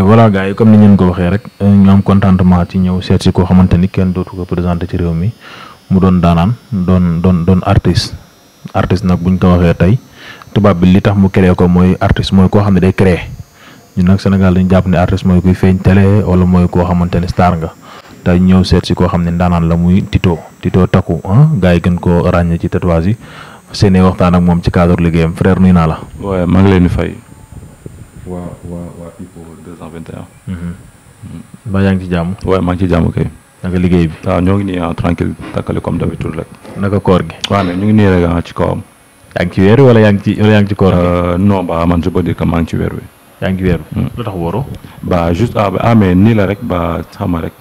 voilà gars yi comme ni ngeen ko waxee rek ñu am contentement ci ñëw seet si koo xamante ni kenn dootu ko présenté ci réew mi mu doon daanaan doon doon doon artiste artiste nag buñ ko waxee tey tubaab bi li tax mu créé ko mooy artiste mooy koo xam ne day créé ñun nag Sénégal dañu jàpp ne artiste mooy kuy feeñ télé wala mooy koo xamante ne star nga tey ñëw seet si koo xam ne ndaanaan la muy Tito Tito Takku ah gars yi gën koo ràññee ci tatouage yi seen waxtaan ak moom ci cadre liggéeyam frère nuyu naa la. waaw ngi leen di fay. 221. Mm-hmm. mbaa yaa ngi ci jàmm. waaw maa ngi ci jàmm kay. naka liggéey bi. waaw ñoo ngi nii ah tranquille takkale comme d'habitude rek. naka ñu ngi nii rek ah ci kawam. yaa ci weer wi wala ngi ci wala yaa ngi ci koor gi. Euh, non ba ngi mm. ah, ah, nii la rek ba xama rek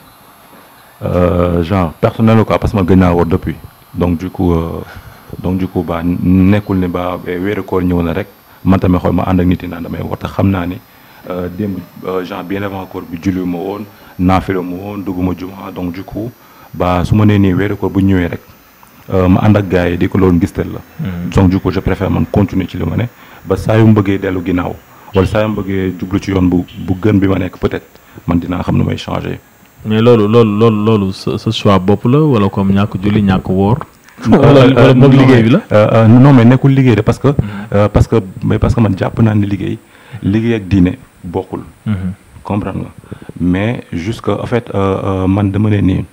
euh, genre personnel quoi parce que man gën naa wóor depuis donc du coup euh, ba nekkul ne ba eh, weeru koor ñëw na rek man tamit xool ma ànd ak nit yi naan damay wóor te xam naa ni. Euh, démb euh, genre bien avant koor bu julli ma woon naafila ma woon dugguma juma donc du ba su ma nee nii weeru bu ñëwee rek euh, ma ànd ak gars yi di ko loolu ngistal la hmm. donc du coup je préfère man continuer ci li ma ne ba saa yu mu bëggee dellu ginnaaw wala saa yu mu bëggee jublu ci yoon bu bu gën bi ma nekk peut-être man dinaa xam ne may changer mais loolu loolu loolu loolu sa choix bopp la wala comme ñàkk julli ñàkk woor wala boog liggéey bi la non mais nekkul liggéey parce que hmm. parce que mais parce que man jàpp naa ne liggéey liggéey ak diine bokkul. Mhm. comprendre nga mais que en fait euh, euh, man dama ne nii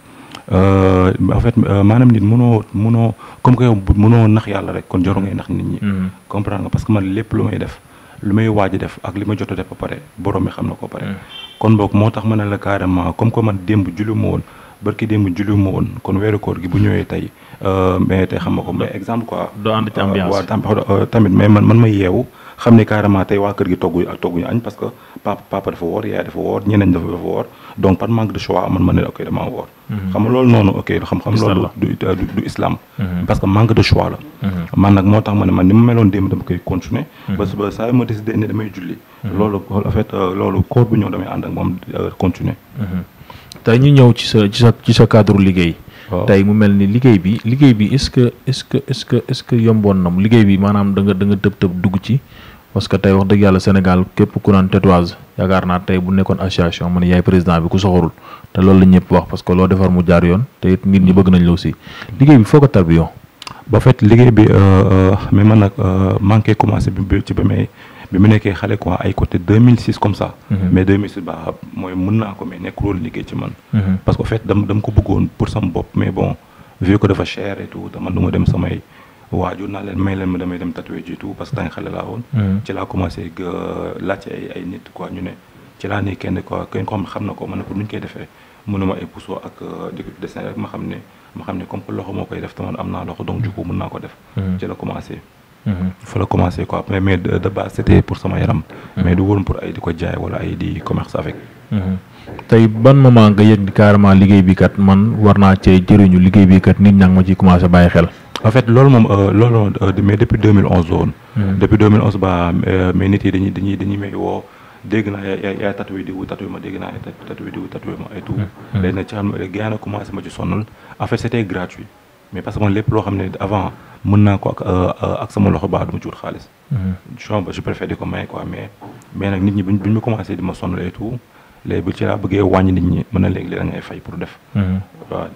euh, en fait maanaam nit munoo mënoo comme que yow mënoo nax yàlla rek kon jarul ngay nax nit ñi. Mhm. comprendre nga parce que man lépp lu may def lu may waaj a def ak li ma jot a def ba pare borom mi xam na ko pare. Mhm. kon boog moo tax ma ne la carrément comme que man démb julli ma woon. barki démb julliwuma woon kon weeru koor gi bu ñëwee tey euh, mais tey xam nga ko mais exemple quoi. doo euh, euh, tamit mais man man yeewu xam ne carrément tey waa kër gi togguñu ak añ parce que papa dafa woor yaay dafa woor ñeneen dafa woor donc parce que manque de choix la. Mhm. man nag moo tax ma ne man ni ma meloon démb dama koy continuer. Mhm. ba suba saa yu ma décidé ne damay julli. Mhm. loolu en bu ñëw damay ànd ak moom continuer. tey ñu ñëw ci sa ci sa ci sa cadre liggéey. tey mu mel ni liggéey bi liggéey bi est-ce que est-ce que est que est-ce que yomboon na mu liggéey bi maanaam da nga da tëb tëb dugg ci. parce que tey wax dëgg yàlla Sénégal képp ku naan tatouage yaakaar naa tey bu nekkoon association man yaay président bi ku soxorul te loolu la ñëpp wax parce que loo defar mu jaar yoon te it nit ñi bëgg nañ la aussi liggéey bi foo ko tarbiyoo. ba fait liggéey bi euh, euh, mais man nag euh, manqué commencé bi ci ba may bi mu nekkee xale quoi ay côté 2006 comme ça. Mhm. mais 2006 ba mooy mën naa ko mais nekk loolu liggéey ci man. Mhm. parce que en fait dam dam ko bëggoon pour sama bopp mais bon vu que dafa cher et tout dama du naa leen may leen ma damay dem tatoué ji tout parce que danga xale laa woon. Mhm. ci laa commencé euh, laajte ay ay nit quoi ñu ne ci laa ne kenn quoi kenn ko xam na ko man pour koy defee ay puso ak euh, ma xam ne ma xam ne loxo moo koy def tamit am naa loxo donc du mën naa ko def. ci la commencé. Mhm. fa la commencé quoi après mais de, de base pour sama yaram. Mhm. mais du woon pour ay di ko jaay wala ay di commerce avec. Mhm. tey ban moment nga yëg ni carrément liggéey bi kat man war naa cee jëriñu liggéey bi kat nit ñaa ngi ma ciy commencé bàyyi xel. en fait loolu moom euh, loolu euh, mais depuis 2011 la woon. depuis 2011 ba euh, mais nit yi dañuy dañuy dañuy may woo dégg naa yaay yaay tatoué diw ma dégg naa yaay tatoué diw tatoué ma et tout. léegi nag ci xam nga commencé ma ci sonnal en mais parce que man lépp loo xam ne avant mën naa ko ak euh, euh, ak sama loxo baax du ma xaalis. Mhm. je je préfère di ko may quoi mais mais nag nit ñi buñ buñ ma commencé di ma sonal et tout léegi bu ci laa bëggee wàññi nit ñi mën na léegi da ngay fay pour def. waaw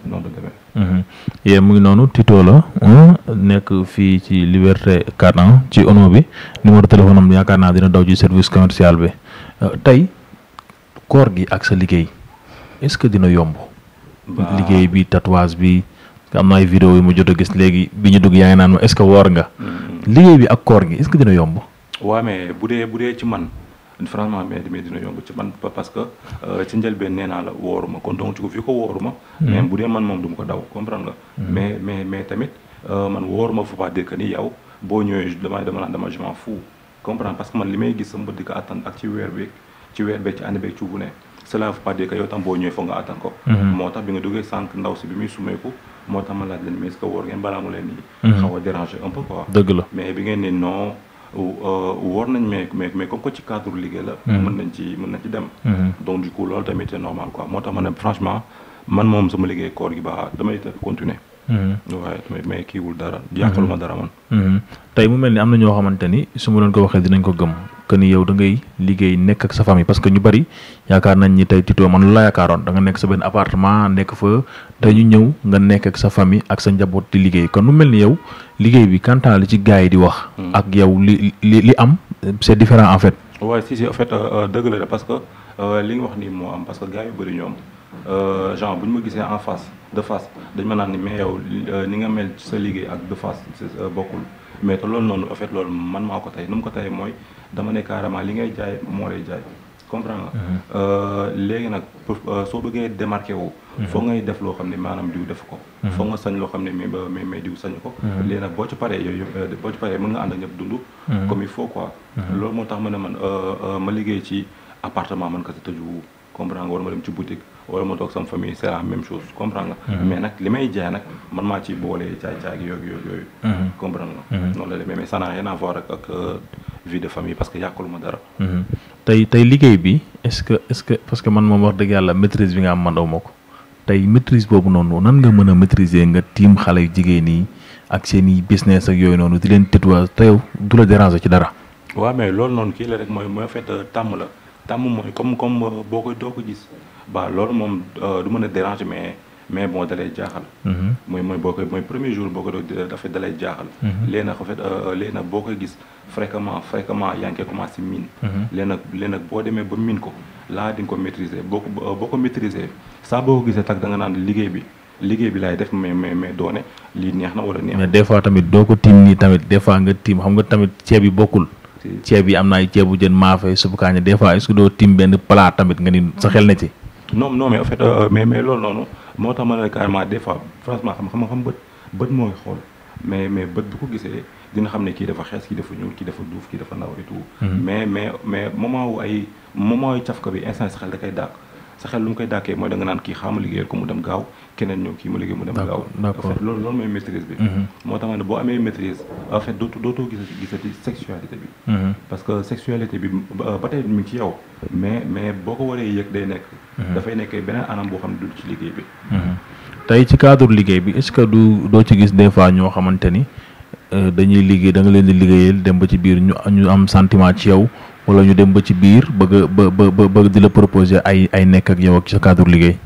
mhm. noonu mhm. mu ngi noonu Tito la nekk fii ci Liberté 4 ci ono bi numéro téléphone am yaakaar naa dina daw ci service commercial bi euh, tey koor gi ak sa liggéey est-ce que dina yomb. liggéey bi tatouage bi. am na ay vidéo yu ma jot a gis léegi bi ñu dugg yaa ngi naan ma est-ce que woor nga. Mm. liggéey bi ak koor gi est-ce que dina yomb. waaw mais bu dee bu dee ci man franchement mais dina yomb ci man parce que euh, ci njëlbeen nee naa la wooruma kon donc ci ko fi ko wooruma. Mm. mais bu dee man moom du ma ko daw comprendre nga. Mm. mais mais mais tamit euh, man wooruma faut pas dire ni yow boo ñëwee damay dama naan fu je m'en fous parce que man li may gis sama bët di ko attendre ak ci weer beeg ci weer beeg ci année beeg ci bu ne. cela veut pas dire que yow tam boo ñëwee foog nga attan ko. Mhm. moo tax bi nga duggee sànq ndaw si bi muy sumeeku moo tax ma laaj leen mais est-ce que wóor ngeen balaa mu leen nii. Mhm. déranger un peu quoi. dëgg la mais bi ngeen ne non euh, wóor nañ mais mais comme que ci cadre liggéey la. Mhm. mën nañ ci mën nañ ci dem. donc du coup loolu tamit c'est normal quoi moo tax ma ne franchement man moom sama liggéey koor gi ba damay continuer. waaye mais kiiwul dara. yàqaluma dara man. tey mu mel ni am na ñoo xamante ni su ma leen ko waxee dinañ ko gëm que ni yow da ngay liggéey nekk ak sa famille parce que ñu bari yaakaar nañ ni tey Tito man lu la yaakaaroon da nga nekk sa benn appartement nekk fa tey ñu ñëw nga nekk ak sa famille ak sa njaboot di liggéey kon mu mel ni yow liggéey bi quant li ci gars yi di wax. Hmm. ak yow li li li am c'est différent en fait. waaye si si en fait euh, euh, dëgg la parce que euh, li nga wax nii moo am parce que gars yu bari ñoom genre bu ñu ma gisee en face de face dañ ma naan ni mais yow ni nga mel sa liggéey ak de face bokkul mais loolu noonu en loolu man maa ko tey nu mu mooy. dama ne carrément li ngay jaay moo lay jaay comprendre nga. Mhm. Euh, léegi nag euh, soo bëggee démarqué wu. Mhm. foog ngay def loo xam ne maanaam diw def ko. Mhm. foog nga sañ loo xam ne mais ba mais diw sañu ko. léegi nag boo ci paree yooyu euh, boo ci paree mën nga ànd ak ñëpp dund. comme il faut quoi. loolu moo tax ma ne man ma liggéey ci appartement man ka si tëju comprendre nga war ma dem ci boutique. wala ma toog sama famille c'est la même chose comprendre nga. mais nag li may jaay nag man maa ci boole jaay jaay yooyu yooyu yooyu. comprendre nga. la demee mais ça n'a rien à voir vie de famille parce que yàqul ma dara. Mhm. tey tey liggéey bi est-ce que est-ce que parce que man moom wax dëgg yàlla maîtrise bi nga am man daw ma ko tey maîtrise boobu noonu nan nga mën a maîtriser nga tiim xale yu jigéen yi ak seen i business ak yooyu noonu di leen tëtuwaat te yow du la déranger ci dara. waaw mais loolu noonu kii la rek mooy mooy fait euh, tàmm la tàmm mooy comme comme euh, boo koy doo ko gis ba loolu moom euh, du mën a déranger mais. mais boo da lay jaaxal. Mhm. mooy mooy boo koy mooy premier jour boo ko doon dafay da lay jaaxal. Mhm. Euh, léegi nag boo koy gis fréquemment fréquemment yaa ngi koy commencé miin. Mhm. léegi nag léegi nag boo demee ba miin ko laa di ko maîtriser boo ko boo ko maîtriser saa boo ko gisee tak da nga naan liggéey bi. liggéey bi laay def mais mais mais doone lii neex na wala neex mais des fois tamit doo ko tiim nii tamit des fois nga tiim xam nga tamit ceeb yi bokkul ceeb yi am na ay ceebu jën maafe subu kaaña des fois est-ce que doo tiim benn plat tamit nga ni sa xel na ci non non mais en fait euh, mais mais loolu noonu moo tax ma ne carrément des fois franchement xam xam xam bët bët mooy xool mais mais bët bu ko gisee dina xam ne kii dafa xees kii dafa ñuul kii dafa duuf kii dafa ndaw et mm-hmm. mais mais mais moment wu ay moment yu cafka bi instant si xel da koy sa xel lu mu koy dàkkee mooy da nga naan kii xaama liggéeyal ko mu dem gaaw keneen ñëw kii ma liggéey mu dem gaaw loolu mooy maîtrise bi mm-hmm. moo tax ma ne boo amee maîtrise en fait dootu dootoo gisati gisati sexualité bi mm-hmm. parce que sexualité bi ba tey mi ngi ci yow mais mais boo ko waree yëg day nekk mm-hmm. dafay nekkee beneen anam boo xam du ci liggéey bi tey ci cadre liggéey bi est-ce que du doo ci gis des fois ñoo xamante ni euh, dañuy liggéey da nga leen di liggéeyal dem ba ci biir ñu ñu am santiment ci yow wala ñu dem ba ci biir bëgg ba ba ba di la proposer ay ay nekk ak yow ak sa cadre liggéey.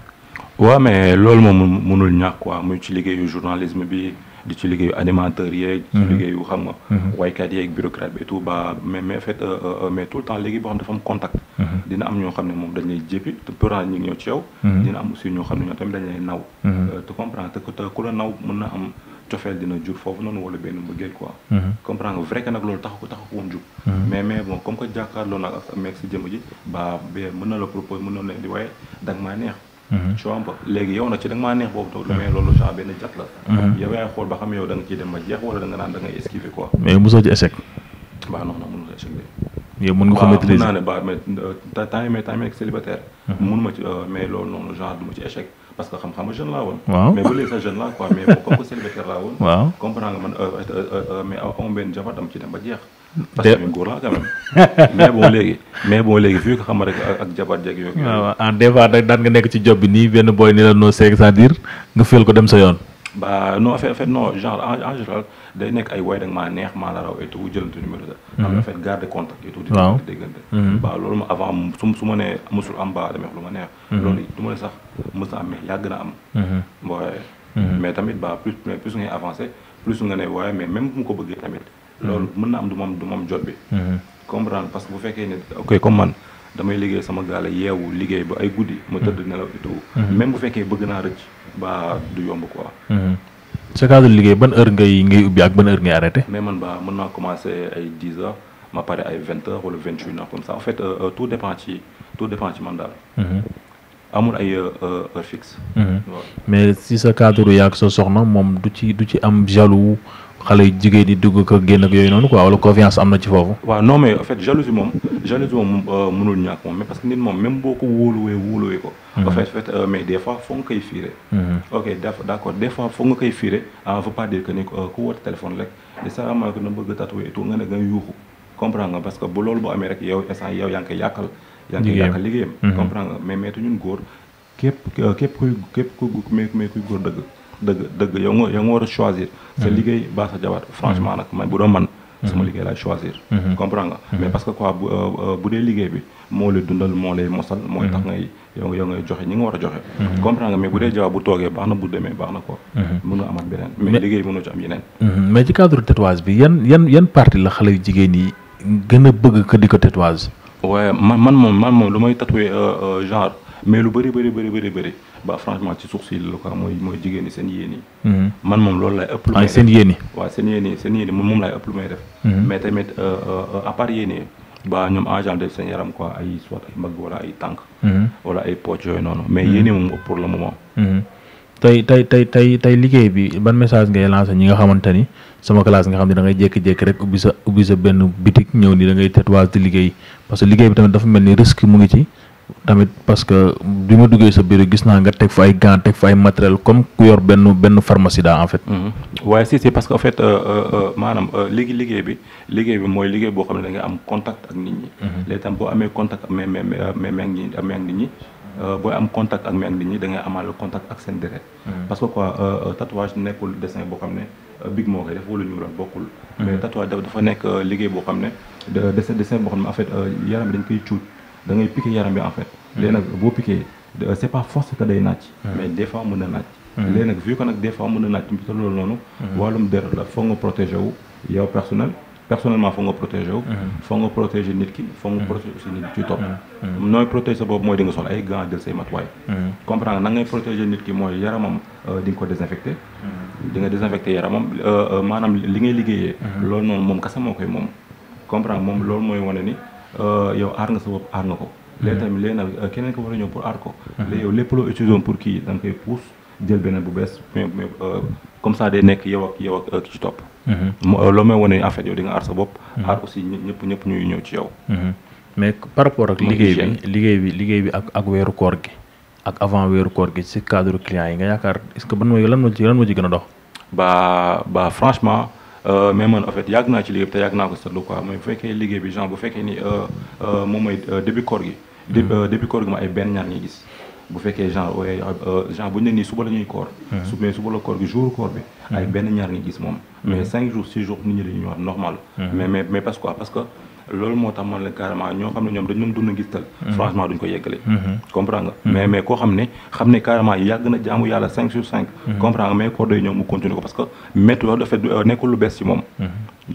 waa mais loolu moom mënul ñàkk quoi mu ci liggéeyu journalisme bi di ci liggéeyu animateur yeeg. ci mhm. liggéeyu xam nga. Mhm. waykat yeeg bureaucrate bi et tout ba mais mais en fait euh, euh, euh, tout temps léegi boo xam dafa am contact. Mhm. dina am ñoo xam ne moom dañ lay jéppi te pourtant ñu ñëw ci yow. dina am aussi ñoo xam ne ñoo tamit dañ lay naw. te comprendre te ku la naw mën na am. cofeel dina jur foofu noonu wala benn mbëggeel quoi. Mhm. comprendre nga vrai que nag loolu taxu ko taxu ko woon jug. Mhm. mais mais bon comme que jàkkaarloo nag na mhm. nag ci danga maa neex boobu toog lu may loolu genre benn jat la. yaay xool ba xam yow da nga dem ba jeex wala da nga naan da ngay esquiver quoi. mais yow mosoo ci échec. waaw non non mënul échec ba euh, euh, noonu ma ci échec. parce que xam-xam jeune laa woon. waaw mais ba léegi sax jeune laa quoi waaw euh, euh, euh, mais ba jeex. parce que mais bon léegi mais bon léegi fii ko xam rek ak jabar jeeg yooyu. waaw en ah, des fois daan nga nekk ci job bi nii benn boy ni la noo seeg cest à nga feel ko dem sa yoon. baa non affaire affaire genre en général day nekk ay way da nga maa neex maa la raw et tout jëlante numéro da mhm. am affaire garde contact et tout di déggante mhm. ba loolu ma avant su ma nee mosul am ba damay wax lu ma neex mhm. loolu du ma ne sax mos na am mais yàgg na am waaye mais tamit baa plus plus ngay avancé plus nga ne waaye mais même bu mu ko bëggee tamit loolu mën na am du moom du moom jot bi comprendre parce que bu fekkee ne ok comme man damay liggéey sama gaale yeewu liggéey ba ay guddi ma tëdd mm-hmm. nelaw et tout mm-hmm. même bu fekkee bëgg naa rëcc ba du yomb ko mm-hmm. sa cadre liggéey ban heure ngay ngay ubbi ak ban heure ngay arrêté mais man baa mën naa commencé ay dix ma pare ay vingt heures wala vingt une heures comme ça en euh, euh, tout dépend ci tout dépend ci man daal amul ay euh, heure fixe mais si sa cadre yaag sa soxna moom du ci du ci am jaloux xale yu jigéen di dugg ko génn ak yooyu noonu quoi wala confiance am na ci foofu. waaw non mais en fait jalousie moom jalousie moom euh, mënul ñàkk moom mais parce que nit moom mais des fois foog nga koy fiire. Mm-hmm. ok d' accord des fois foog nga koy fiire ah veut pas dire que ni euh, ku woote téléphone rek de ça ma que na bëgg tatoué et tout nga ne nga yuuxu comprendre nga parce que bu loolu bu amee rek yow instant yow liggéeyam. Mm-hmm. comprendre nga mais métti ñun góor képp euh, képp kuy képp kuy dëgg dëgg yow nga war a choisir mm-hmm. sa liggéey baa sa jabar franchement mm-hmm. nag man bu doon man mm-hmm. suma liggéey laay choisir comprends nga mais parce que quoi euh, euh, bu dee liggéey bi moo lay dundal moo lay mosal mooy tax ngay yow yow ngay joxe ñi nga war a joxe comprends nga mais bu dee jabar bu toogee baax na bu demee baax na ko mën nga amaat beneen mais liggéey mënoo ci am yeneen mais ci cadre tatouage bi yan yan yan partie la xale yu jigéen yi gën a bëgg que di ko waaye man man moom man moom lu may tatoué euh, genre mais lu bëri bëri bëri bëri bëri ba franchement ci suuf si lu ko mooy mooy jigéen seen yéen yi. Mhm. man moom loolu laay ëpp. lu may def seen yéen yi. waaw seen seen yéen yi moom laay ëpp lu may def. Mhm. mais tamit euh, euh, euh, à part yéen yi ba ñoom engendré seen yaram quoi ay soit ay mbagg wala ay tànk. Mhm. wala ay poche yooyu noonu mais yéen moom pour le moment. tey tey tey tey tey liggéey bi ban message ngay lancé ñi nga xamante ni sama classe nga xam ne da ngay jékki-jékki rek ubbi sa ubbi sa benn bitik ñëw ni da ngay tatouage di liggéey parce que liggéey bi tamit dafa mel ni risque ngi ci. tamit parce que bi ma duggee sa bureau gis naa nga teg fa ay gan teg fa ay matériel comme ku yor benn benn pharmacie daa en fait. waaye mm-hmm. si si parce que en fait euh, euh, euh, maanaam liggéey bi liggéey bi mooy liggéey boo xam ne da nga am contact ak nit ñi. Mm-hmm. boo amee contact ak mais mais mais mais ak nit ñi. booy am contact ak mais ak ñi da ngay amaale contact ak seen deret. Mm-hmm. parce que quoi tatouage nekkul dessin boo xam ne big moo koy def wala ñu doon bokkul. mais tatouage dafa nekk liggéey boo xam ne dessin dessin boo xam ne en fait yaram dañ koy cuut. da ngay piqué yaram bi en fait. Mm-hmm. léegi nag boo piqué euh, c' est pas force que day naaj. Mm-hmm. mais des fois mën na naaj. Mm-hmm. léegi nag vu que nag des fois mën na naaj te loolu noonu. nga protégé wu yow personnel. personnellement foog nga protéger wu. foog nga protéger nit ki foog nga aussi nit ci topp. nooy protéger sa bopp mooy di nga sol ay a jël say matuwaay. comprendre na ngay protéger nit ki mooy yaramam di ko désinfecté. di nga désinfecté yaramam euh, euh, maanaam li ngay liggéeyee. loolu noonu moom kasa moo koy moom comprendre moom loolu mooy wane ni. yow aar nga sa bopp aar nga ko léegi tamit léegi nag keneen ko war a ñëw pour aar ko léegi yow lépp loo utilisé pour kii da nga koy puus jël beneen bu bees comme ça day nekk yow ak yow ak ki ci topp loolu mooy wane en fait yow di nga aar sa bopp aar aussi ñëpp ñëpp ñuy ñëw ci yow mais par rapport ak liggéey bi liggéey bi liggéey bi ak ak weeru koor gi ak avant weeru koor gi ci cadre client yi nga yaakaar est-ce que ban mooy lan moo ci lan moo ci gën a dox ba ba franchement Euh, mais man en fait yàgg naa ci liggéey bi te yàgg naa ko seetlu quoi mais bu fekkee liggéey bi genre bu fekkee ni euh, euh, moom mooy depuis koor gi. Mm-hmm. depuis koor gi ma ay benn ñaar ñuy gis. bu fekkee genre ooy genre bu ñu ne nii suba la ñuy koor. Mm-hmm. su mais suba la koor gi jour koor bi. ay mm-hmm. benn ñaar ñuy gis moom. mais cinq jours six jours nit ñi dañuy normal. mais mais mais loolu moo tax man la carrément ñoo xam ne ñoom dañ doon dund gistal mhm. franchement duñ ko yeggale mhm. comprendre nga mhm. mais mais koo xam ne xam ne carrément yàgg na jaamu yàlla cinq sur cinq comprendre nga mais koor day ñëw mu continuer ko parce que métti dafa euh, nekkul lu bees ci moom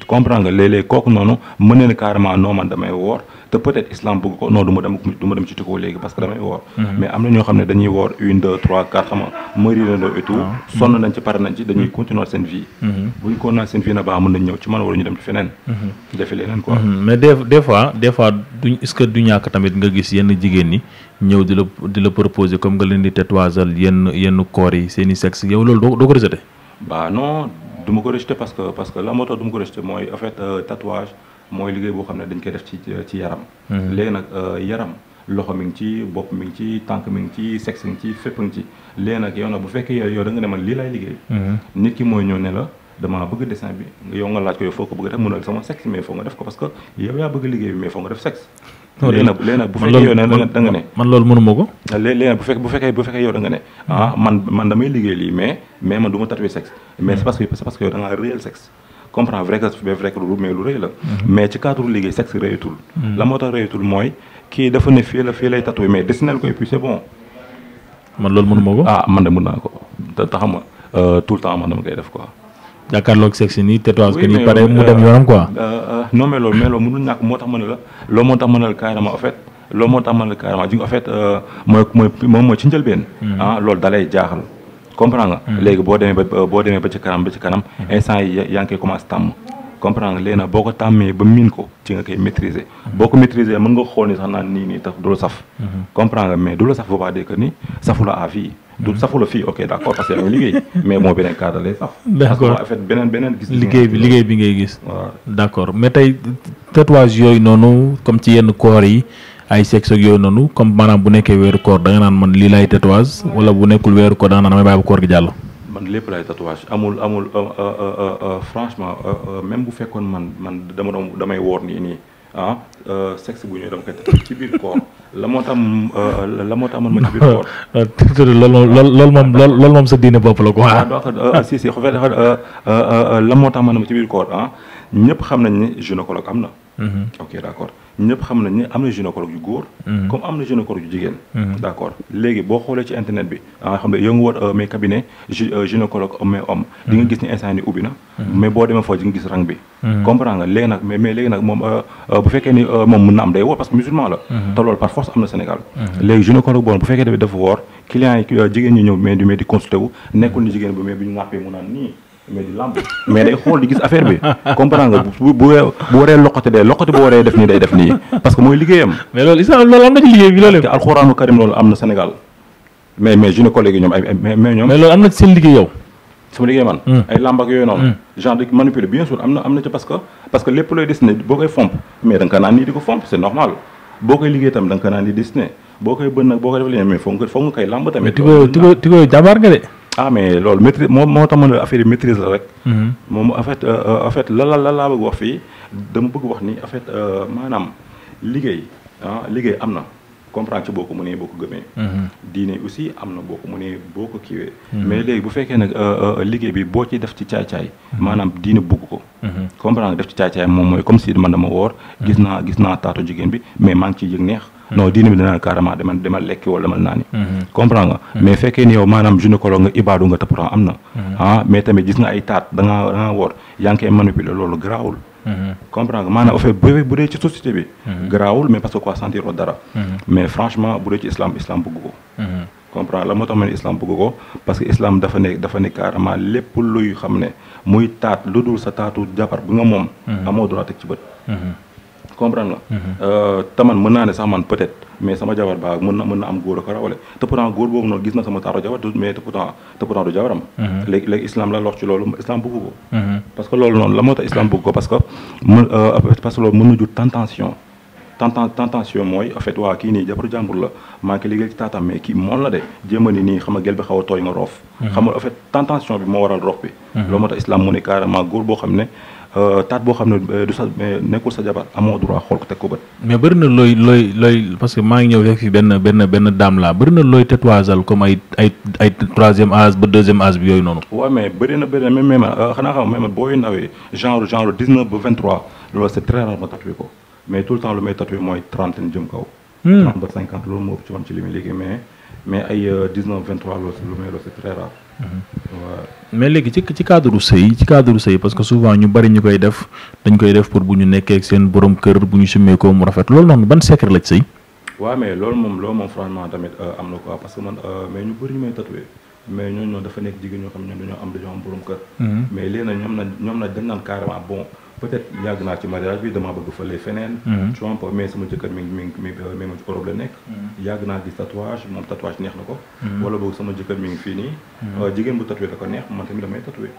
comprendre nga léeg-léeg kooku noonu mën na ne carrément non man damay woor te peut-être islam bëgg ko non du dem ci tukoo léegi parce que damay woor mhm. mais am na ñoo xam ne dañuy woor une deux trois quatre xam nga mëri na et ah. sonn nañ ci pare nañ ci dañuy continuer seen vie mhm. buñ continuer seen vie na baax mën nañ ñëw ci man wala ñu dem ci feneen mhm. defi leneen quoi mais des des fois des fois duñ est-ce que du ñàkk tamit nga gis yenn jigéen ñi ñëw di la di la proposer comme duma ma ko rejeté parce que parce que la moo tax du ma ko rejeté mooy euh, tatouage mooy liggéey boo xam ne dañ koy def ci ci yaram. Mm-hmm. léegi nag euh, yaram loxo mi ngi ci bopp mi ngi ci tànk mi ngi ci sexe mi ngi ci fépp ngi ci léegi nag yow nag bu fekkee yow da nga ne man lii laay liggéey. Mm-hmm. nit ki mooy ñëw ne la. damaa bëgg dessin bi yow nga laaj ko yow foo ko bëgg def mënal sama sexe mais foo nga def ko parce que yow yaa bëgg liggéey bi mais foo nga def sexe léegi nag léegi nag bu fekkee yow da ne man loolu mënuma ko ah, léegi bu fekkee bu fekkee yow da ne ah, man damay liggéey lii mais mais man du ma tatoué mais c'est parce que c'est parce que yow da nga lu rëy la mm-hmm. mais ci cadre liggéey sexe rëyatul mm-hmm. la tax rëyatul mooy kii dafa ne fii la fii lay tatoué mais dessiné ko et puis c'est bon man loolu mënuma ko ah, man de mën naa ko taxama euh, tout temps man dama koy def quoi jàkkaarloog sexe nii tatouage nii pare mu dem euh, non mais loolu mais loolu ñàkk moo tax ma ne la loolu moo tax ma ne la carrément en fait loolu moo tax ma ne la carrément ji en fait euh, mooy mooy moom mooy ci njëlbeen. Mm-hmm. Ah, loolu dalay jaaxal comprendre nga. Mm-hmm. léegi boo demee ba euh, boo demee ba ci kanam ba ci kanam mm-hmm. instant yi yaa ngi koy commencé tàmm. comprendre nga léegi nag boo ko tàmmee ba miin ko ci nga koy maîtriser boo ko maîtriser mën nga xool ni sax naan nii nii tax du la saf. comprendre nga mais du la saf boobaa dee que ni safu la à vie. du safu la fii ok d' accord parce que am liggéey mais moo beneen cadre lay beneen beneen gis. liggéey bi liggéey bi ngay gis. waaw d' accord mais tey tatouage yooyu noonu comme ci yenn koor yi ay sexe ak yooyu noonu comme maanaam bu nekkee weeru koor danga naan man lii laay tatouage wala bu nekkul weeru koor da nga naan damay bàyyi bu koor gi jàll. man lépp laay tatouage amul amul euh, euh, euh, franchement même bu fekkoon man man dama damay woor nii nii. ah euh, sexe bu ñuy dem koy def ci biir koor la moo tax euh, la moo tax man ma ci biir koor. Euh, loolu loolu moom loolu moom sa diine bopp la quoi. waaw ah, donc ah, si si en fait la moo tax man ma ci biir koor ah ñëpp xam nañ ne gynécologue am na. Mm-hmm. ok d' ñëpp xam nañ ne am na gynécologue yu góor. Mhm. comme am na gynécologue yu jigéen. Mhm. d' léegi boo xoolee ci internet bi ah, nga mais boo demee foofu di nga gis rang bi. Mhm. comprendre nga léegi mais mais léegi moom euh, euh, bu fekkee ni euh, moom mun na am day woor parce que musulman la. te loolu par force am na Sénégal. léegi gynécologue boobu bu fekkee dafa woor client yi jigéen ñi ñëw mais du mais di consulté nekkul ni jigéen bi mais bi ñu nàppee mu naan nii. mais di lamb mais day xool di gis affaire bi comprendre nga bu bu bu waree loqati day loqati bu waree def nii day def nii parce que mooy liggéeyam. mais loolu am na ci liggéey bi loolu. mais loolu am na seen liggéey yow. sama liggéey man. Hmm. ay làmb yooyu noonu. Hmm. genre de manipuler bien sûr am na am na ci parce que parce que lépp looy dessiné boo koy fomp mais da nga naan nii di ko fomp c'est normal boo koy liggéey tam da nga naan di dessiné boo koy bën nag boo koy ah mais loolu maîtrise moo moo tax ma ne affaire yi la rek. Mhm. moom en fait euh, euh, en fait la la la laa bëgg wax fii dama bëgg wax ni en fait euh, maanaam liggéey ah liggéey am na comprendre ci boo ko mënee boo ko gëmee. Mhm. diine aussi am na boo ko mënee boo ko kiiwee. Mhm. mais léegi bu fekkee nag liggéey bi boo ci def ci caay-caay. maanaam diine bugg ko. comprendre def ci caay-caay moom mooy comme si man dama woor. gis naa gis naa taatu jigéen bi mais maa ngi ciy yëg neex. non hmm. diine bi danaan carrément demal demal lekki wala demal naani hmm. comprendre nga hmm. mais fekkee ni yow maanaam gynécologue nga ibaadu nga tapparan am na ah mais tamit gis nga ay taat da ngaa da woor yaa ngi koy manipuler loolu garaawul comprendre nga maanaam au fait bu dee ci société bi garaawul mais parce que quoi sentir oo dara mais franchement bu dee ci islam islam bëgg ko comprendre la moo tax ma ne islam bëgg ko parce que islam dafa ne dafa ne carrément lépp luy xam ne muy taat lu dul sa taatu jabar bi nga moom amoo droit teg ci bët comprendre la mhm. euh, taman mën naa ne sax man peut mais sama jabar baa mën na mën na am góor a ko rawale te góor boobu noonu gis na sama taaru jabar te pourtant te mhm. loolu mooy en fait waa kii nii jabaru jàmbur la maa ngi liggéey ci taatam mais kii moom la de jéema nii xam gel bi xaw a tooy nga roof mhm. xam nga en fait bi moo waral roof bi loolu moo tax islam mu ne carrément góor boo xam ne Euh, taat boo xam ne euh, du sa nekkul sa jabar amoo droit xool ko teg ko bët. mais bëri looy looy looy parce maa ngi ñëw rek fi benn benn benn daam laa bëri na looy tatouageal comme ay ay ay troisième âge ba deuxième âge bi yooyu noonu. waaw mais bëri na bëri na même même euh, xanaa xam même booy nawee genre genre dix neuf ba vingt trois loolu c' est très ma tatoué ko mais tout le temps lu may tatoué mooy trentaine jëm kaw. Hmm. mais ay dix neuf vingt trois loolu c' est très mais léegi ci ci cadre sëy ci cadre sëy parce que souvent ñu bari ñu koy def dañ koy def pour bu ñu nekkee seen borom kër bu ñu sumee ko mu rafet loolu noonu ban secret la ci sëy waaw mais loolu moom loolu moom franchement tamit euh, am na quoi parce que man euh, mais ñu bëri ñu may tatoué mais ñooñu noonu dafa nekk jigéen ñoo xam ne ñoom dañoo am dañoo kër mm-hmm. mais léegi nag ñoom nag ñoom nag dañ naan carrément bon peut-être yàgg naa ci mariage bi damaa bëgg fële feneen. Mhm. tu vois mais sama jëkkër mi mi mi euh, mi ma ci Europe nekk. Mhm. yàgg naa gis tatouage moom tatouage neex na ko. Mhm. wala boog sama jëkkër mi ngi fii nii. Euh, jigéen bu tatoué da ko neex man tamit damay tatoué.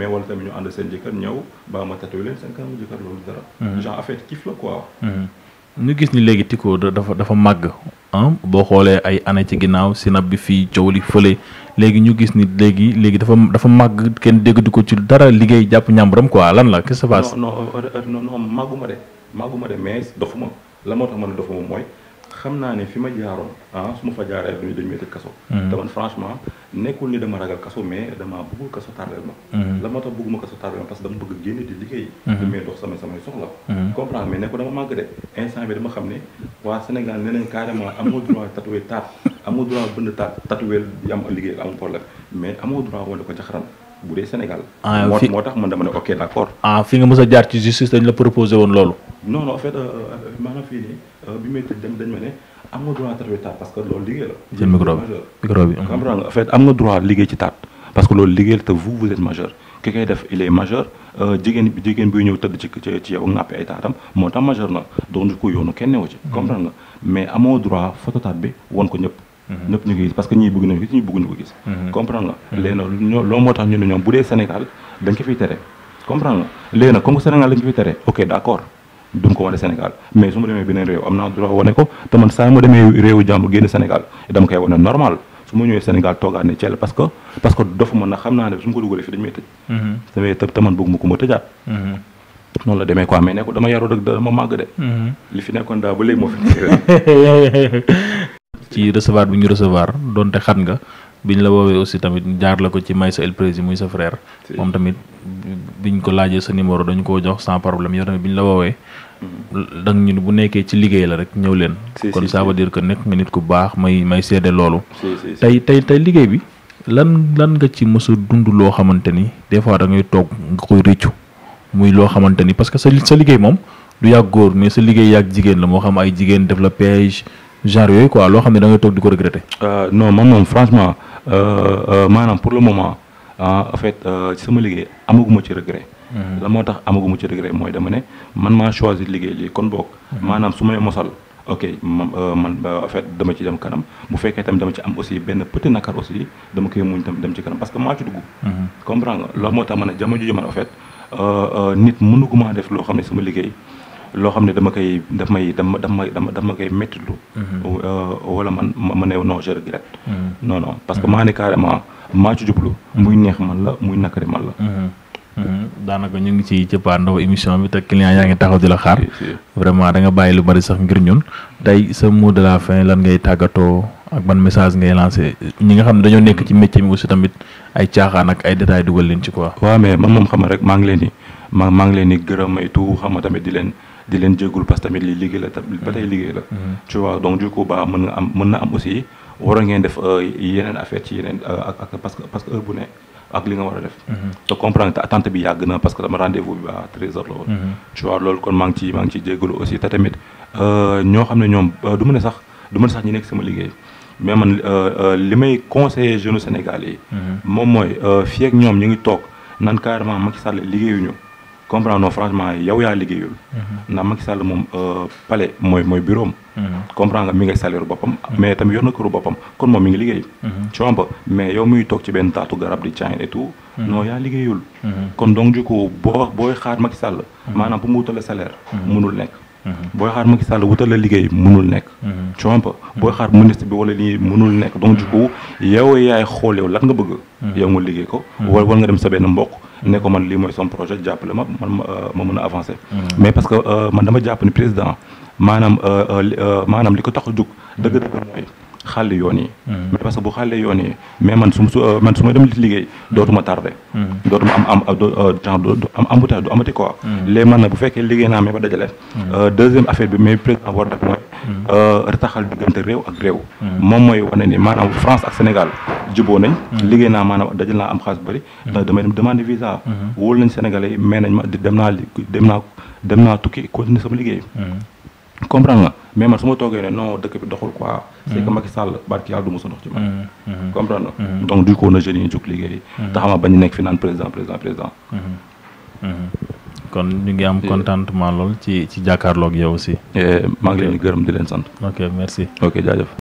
mais wala tamit ñu ànd seen jëkkër ñëw ba ma tatoué leen seen kanamu jëkkër loolu dara. genre affaire kiff la quoi. ñu gis ni léegi Tyco dafa dafa màgg Ah, boo xoolee ay année ci ginnaaw sinap bi fii coow li fële léegi ñu gis ni léegi léegi dafa dafa màgg kenn déggatu ko ci dara liggéey jàpp ñàmburam ko lan la qu'est-ce qui se passe. non non euh, euh, non màgguma de màgguma de mais dofuma la moo tax ma ne dofuma mooy. xam naa ne fi ma jaaroon ah su ma fa jaaree dañu dañu may tëj kaso mm-hmm. te man franchement nekkul ni dama ragal kaso mais dama bëggul kaso tardel ma mm-hmm. la ma tax bëgguma kaso tardel ma parce que dama bëgg génn di liggéey mm-hmm. di may dox samay samay soxla comprendre mais nekkul dama manque de instant bi dama xam ne waa Sénégal ne nañ carrément amoo droit tatoué taat amoo droit bënd taat tatoué yam liggéey amul problème mais amoo droit wane ko jaxaran bu dee Sénégal ah, moo tax man dama ne ok ah, woon loolu noonu non en fait euh, euh, maanaam fii nii euh, bi may tëj dañ ma ne am nga droit tatué que loolu liggéey la. jël micro bi micro liggéey ci taat parce que loolu liggéey la te vous vous êtes majeur ki koy def il est majeur jigéen buy ñëw tëdd ci ci yow ŋàppe ay taatam moo tax majeur na donc du ko yoonu kenn newu ci. comprendre nga mais amoo droit photo taat bi won ko ñëpp. Mhm. ñëpp ñu ngi gis parce que ñii bëgg nañu gis ñii bëgguñu ko gis. Mhm. comprendre nga mhm. léegi nag loolu moo tax ñu ne ñoom bu dee Sénégal dañ ko fiy tere comprendre nga léegi comme que Sénégal dañ ko ok d'accord duñ ko wane Sénégal mais su ma demee beneen réew am naa droit wane ko te man saa ma demee réewu jàmm génn Sénégal dama koy wane normal su ma ñëwee Sénégal toogaat ne Thiel parce que parce que dofu ma na xam naa ne su ma ko dugalee fii dañu may tëj mhm. te te man bëgg ma ko ma tëjaat mhm. noonu la demee quoi mais nekku dama yaru rek dama màgg de mhm. li fi nekkoon daa ba léegi moo fi ci recevoir bi ñu recevoir donte xat nga biñ la woowee aussi tamit jaar la ko ci Maïssa El Prési muy sa frère moom tamit biñ ko laajee sa numéro dañu koo jox sans problème yow tamit biñ la woowee dang ñu bu nekkee ci liggéey la rek ñëw leen kon ça veut dire que nekk nga nit ku baax may may seede loolu tey tey tey liggéey bi lan lan nga ci mës dund loo xamante ni des fois da ngay toog nga koy rëccu muy loo xamante ni parce que sa sa liggéey moom du yàgg góor mais sa liggéey yàgg jigéen la moo xam ay jigéen def la pêche genre yooyu quoi loo xam ne da ngay toog di ko regretter. Euh, non man moom franchement euh, euh, maanaam pour le moment ah, en fait sama liggéey amaguma ci regret Mhm. la moo tax amaguma ci regret mooy dama ne man maa choisir liggéey lii kon boog mhm. maanaam su may mosal ok man euh, man euh, fait dama ci dem kanam bu fekkee tamit dama ci am aussi benn petit nakar aussi dama koy muñ tam dem ci kanam parce que maa ci dugg. Mhm. comprends nga loolu moo tax ma ne jamono jooju man en fait euh, nit mënuguma def loo xam ne sama liggéey loo xam ne dama koy daf may dama dama dama dama koy méttitlu. wala man ma ne non je regrette. non non parce que maa carrément maa ci jublu. muy neex man la muy nakari man la. daanaka ñu ngi ci cëppaandaw émission bi te client yaa ngi taxaw di la xaar vraiment danga bàyyi lu bari sax ngir ñun ay sa mot de la fin lan ngay tàggatoo ak ban message ngay lancé ñi nga xam ne dañoo nekk ci métier mi aussi tamit ay caaxaan ak ay détails dugal leen ci quoi. waaw mais man moom xam rek ma ngi leen di maa maa ngi leen di gërëm et tout xam nga tamit di leen di leen parce que tamit li liggéey la ba tey liggéey la. Mm-hmm. tu vois donc du coup ba mën nga am mën na am aussi waroon ngeen def euh, yeneen affaire ci yeneen euh, parce que parce que bu ne. ak li nga war a def. te comprendre te attente bi yàgg na parce que sama rendez-vous bi à 13h la woon. Mhm. loolu kon maa ngi ciy maa ngi ciy jégalu aussi te tamit euh, ñoo xam ne ñoom euh, du ma ne sax du ma sax ñi nekk sama liggéey mais man euh, li may conseiller jeunes sénégal yi. Mhm. moom mooy fiyeek ñoom ñu ngi toog naan carrément Macky Sall liggéeyuñu. comprendre non franchement yow yaa liggéeyul. Mhm. ndax Macky Sall moom euh, palais mooy mooy bureau am. Mhm. nga mi ngay salaire boppam. Mhm. mais tamit yor na këru boppam kon moom mi ngi liggéey. coompa mais yow muy toog ci benn taatu garab di caañ et tout. non yaa liggéeyul. kon donc du coup boo booy xaar Macky Sall. maanaam bu mu wutale salaire. munul nekk. booy xaar Macky Sall wutal la liggéey mënul nekk. Mhm. tu vois booy xaar ministre bi wala lii mënul nekk donc du coup yow yaay xool yow lan nga bëgg. Mhm. yow nga liggéey ko. Mhm. wala wal nga dem sa benn mbokk. ne ko man lii mooy son projet jàppale ma man euh, ma mën a avancer. mais parce que euh, man dama jàpp ni président maanaam euh, maanaam li ko tax a jóg dëgg-dëgg mooy. xàll yoon yi. Hmm. mais parce que bu xàllee yoon yi mais man su ma euh, man su ma dem liggéey hmm. dootuma tardé. Hmm. dootuma am am temps euh, du euh, am embouteillage du amati quoi. léegi man na bu fekkee liggéey naa mais ba dajale. deuxième affaire bi mais président war def mooy. retaxal réew ak réew. moom mooy wane ni maanaam France ak Sénégal juboo nañ. liggéey naa maanaam dajal naa am xaalis bu bëri. damay dem demande visa. wóolu nañ Sénégalais yi nañ ma dem naa dem naa dem naa tukki continuer sama liggéey. comprendre nga mais man su ma toogee ne non dëkk bi doxul ko mm-hmm. c'est que Macky Sall barki yàlla du mos a dox ci man. Mm-hmm. comprendre nga mm-hmm. donc du coup na jeunes yi jóg liggéey. te xam nga bañ nekk fi naan président président président. kon ñu ngi am contentement lool ci ci jàkkaarloog yow aussi. maa ngi leen di gërëm di leen sant. ok merci ok jaajëf.